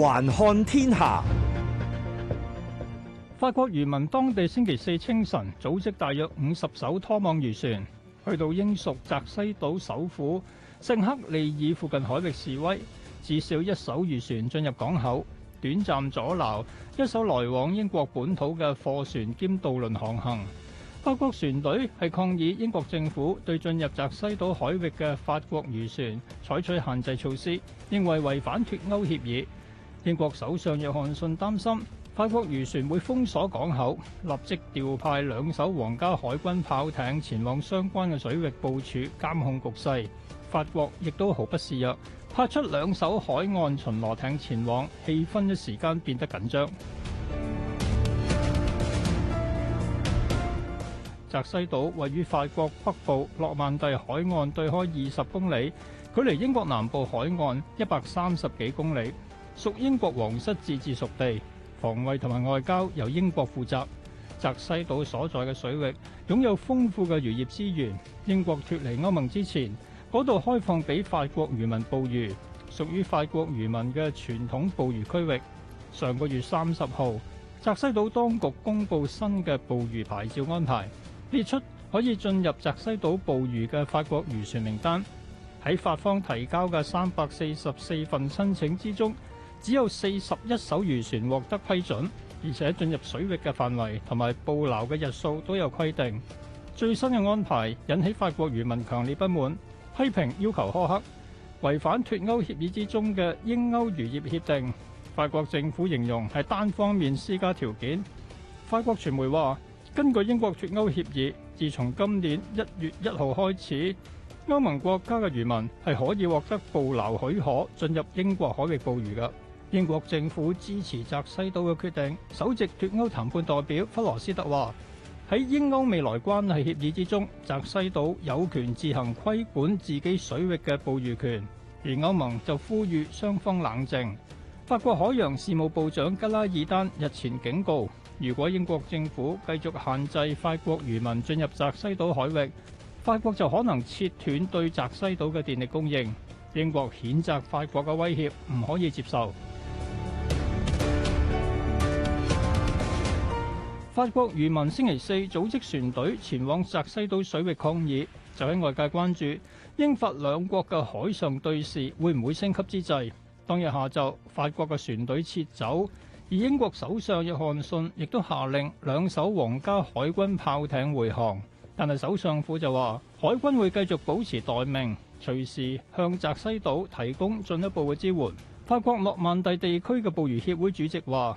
環看天下，法國漁民當地星期四清晨組織大約五十艘拖網漁船，去到英屬澤西島首府聖克利爾附近海域示威。至少一艘漁船進入港口，短暫阻撓一艘來往英國本土嘅貨船兼渡輪航行。法國船隊係抗議英國政府對進入澤西島海域嘅法國漁船採取限制措施，認為違反脱歐協議。英國首相約翰遜擔心法國漁船會封鎖港口，立即調派兩艘皇家海軍炮艇前往相關嘅水域，部署監控局勢。法國亦都毫不示弱，派出兩艘海岸巡邏艇前往，氣氛一時間變得緊張。澤西島位於法國北部諾曼第海岸對開二十公里，距離英國南部海岸一百三十幾公里。屬英國皇室自治屬地，防衛同埋外交由英國負責。澤西島所在嘅水域擁有豐富嘅漁業資源。英國脫離歐盟之前，嗰度開放俾法國漁民捕魚，屬於法國漁民嘅傳統捕魚區域。上個月三十號，澤西島當局公布新嘅捕魚牌照安排，列出可以進入澤西島捕魚嘅法國漁船名單。喺法方提交嘅三百四十四份申請之中，只有四十一艘漁船獲得批准，而且進入水域嘅範圍同埋捕撈嘅日數都有規定。最新嘅安排引起法國漁民強烈不滿，批評要求苛刻，違反脫歐協議之中嘅英歐漁業協定。法國政府形容係單方面施加條件。法國傳媒話，根據英國脫歐協議，自從今年一月一號開始，歐盟國家嘅漁民係可以獲得捕撈許可進入英國海域捕魚噶。英國政府支持澤西島嘅決定。首席脫歐談判代表弗羅斯特話：喺英歐未來關係協議之中，澤西島有權自行規管自己水域嘅捕魚權。而歐盟就呼籲雙方冷靜。法國海洋事務部長吉拉爾丹日前警告：如果英國政府繼續限制法國漁民進入澤西島海域，法國就可能切斷對澤西島嘅電力供應。英國譴責法國嘅威脅唔可以接受。法國漁民星期四組織船隊前往澤西島水域抗議，就喺外界關注英法兩國嘅海上對峙會唔會升級之際。當日下晝，法國嘅船隊撤走，而英國首相約翰遜亦都下令兩艘皇家海軍炮艇回航，但係首相府就話，海軍會繼續保持待命，隨時向澤西島提供進一步嘅支援。法國諾曼第地區嘅捕魚協會主席話。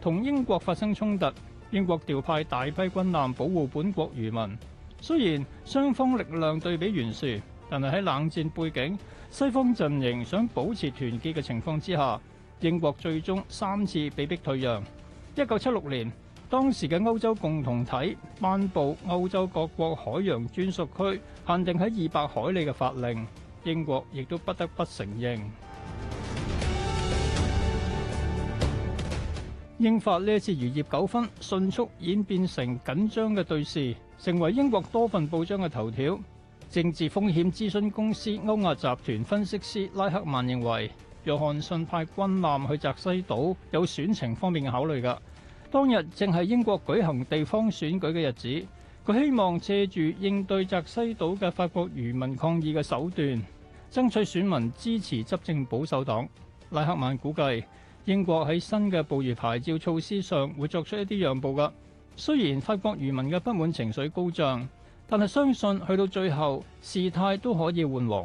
同英國發生衝突，英國調派大批軍艦保護本國漁民，雖然雙方力量對比懸殊，但係喺冷戰背景，西方陣營想保持團結嘅情況之下，英國最終三次被迫退讓。1976年，當時嘅歐洲共同體頒布歐洲各國海洋專屬區，限定喺200海里嘅法令，英國亦都不得不承認。英法呢一次漁業糾紛迅速演變成緊張嘅對視，成為英國多份報章嘅頭條。政治風險諮詢公司歐亞集團分析師拉克曼認為，約翰遜派軍艦去澤西島有選情方面嘅考慮。噶當日正係英國舉行地方選舉嘅日子，佢希望借住應對澤西島嘅法國漁民抗議嘅手段，爭取選民支持執政保守黨。拉克曼估計。英國喺新嘅捕魚牌照措施上會作出一啲讓步㗎。雖然法國漁民嘅不滿情緒高漲，但係相信去到最後，事態都可以緩和。